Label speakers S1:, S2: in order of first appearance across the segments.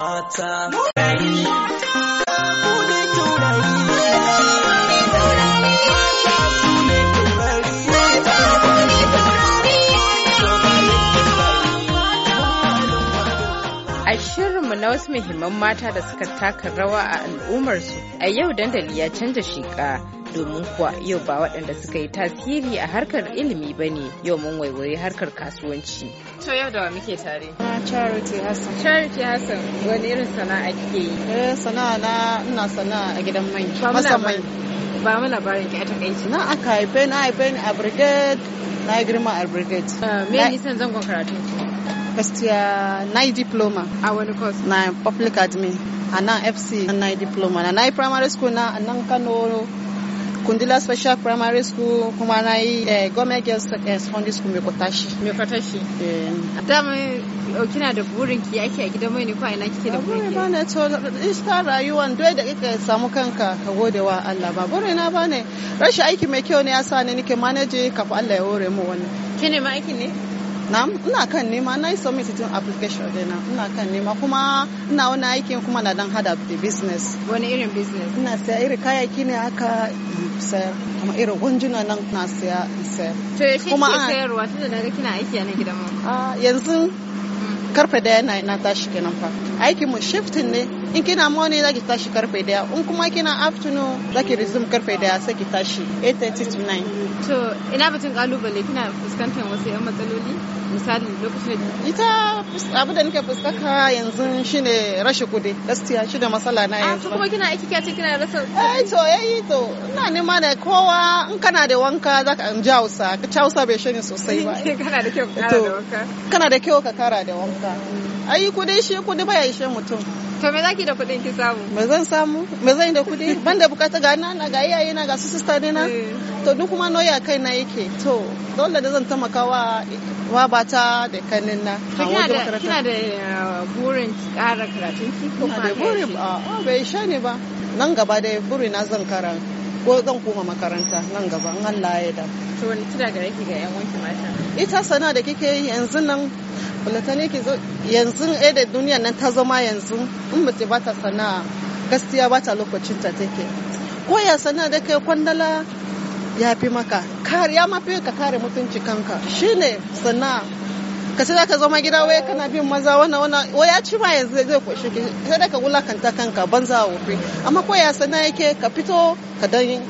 S1: mata. na wasu muhimman mata da suka taka rawa a al'ummarsu a yau dandali ya canza shekara domin kuwa yau ba waɗanda suka yi tasiri a harkar ilimi ba ne yau mun waiwaye harkar kasuwanci. To yau da wa muke tare? Charity Hassan. Charity Hassan wani irin sana'a kike yi? Eh sana'a na ina sana'a a gidan mai. Masa mai. Ba mu labarin ki a takaici. Na aka haife na haife ni a brigade na yi girma a brigade. Ah, me san zangon karatu? Gaskiya na yi diploma. A wani course? Na public admin. a nan fc na yi diploma na na yi primary school na nan kano kundila special primary school kuma na yi eh, government girls eh, secondary school mai kwatashi mai kwatashi eh. dama oh, kina da burin ki yake a gida mai ne ko ina kike da burin ki ba ne to ista rayuwan dole da kika samu kanka ka gode wa Allah ba burin na ba ne rashin aiki mai kyau ne yasa ne nake manage kafa Allah ya hore mu wannan kine ma aikin ne na ina kan nema na yi submitting application dina ina kan nema kuma ina wani aikin kuma na dan hada da business wani irin business ina saya irin kayaki ne aka sayar kuma irin gunjuna nan na saya in sayar to shi ke sayarwa tunda naga kina aiki a nan gidan mu ah, yanzu mm. karfe daya na tashi kenan fa aikin mu shiftin ne in kina morning zaki tashi karfe daya in kuma kina afternoon zaki resume karfe daya sai ki tashi 8:30 to 9 to ina batun kalubale kina fuskantar wasu yan matsaloli misali lokacin da ita abu da nake fuskaka yanzu shine rashin kudi gaskiya shi da matsala na ah, yanzu kuma kina aiki kya ce kina rasa eh to eh, eh to ina nema da kowa in kana da wanka zaka an jausa ka jausa bai shine sosai ba kana da kyau ka kara da wanka kana da kyau ka kara da wanka ai kudin shi kudi baya ishe mutum to me zaki da kudin ki samu me zan samu me zan da kudi ban da bukata ga na ga iyaye na ga su sister ne na eh. to duk kuma noya kai na yake to dole da zan taimaka wa wa bata da kanin na kina da eh, burin kara karatun ki ko ba burin ba ah, ah, bai sha ne ba nan gaba da buri na zan karanta ko zan koma makaranta nan gaba in Allah ya da. To ni kira ga yake ga yan wanki mata? Ita sana da kike yi yanzu nan bulatani ke yanzu eh da duniya nan ta zama yanzu in mace ba ta sana'a gaskiya ba ta lokacin ta take ko ya sana'a da kai kwandala ya fi maka kare ya mafi ka kare mutunci kanka shine sana'a ka sai ka zama gida waya kana bin maza wana wana waya ci ma yanzu zai koshi ki sai da ka wulakanta kanka banza wofi amma ko ya sana'a yake ka fito ka dan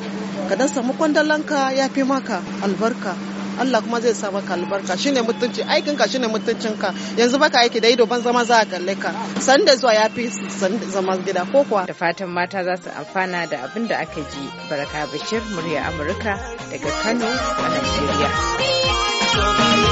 S1: ka dan samu kwandalanka ya fi maka albarka Allah kuma zai sa maka albarka shine mutunci aikin ka shine mutuncin ka yanzu baka aiki da ido ban zama za a kalle ka san da zuwa yafi san zama gida ko kuwa da fatan mata za su amfana da abin da aka ji baraka bashir murya amurka daga Kano a Najeriya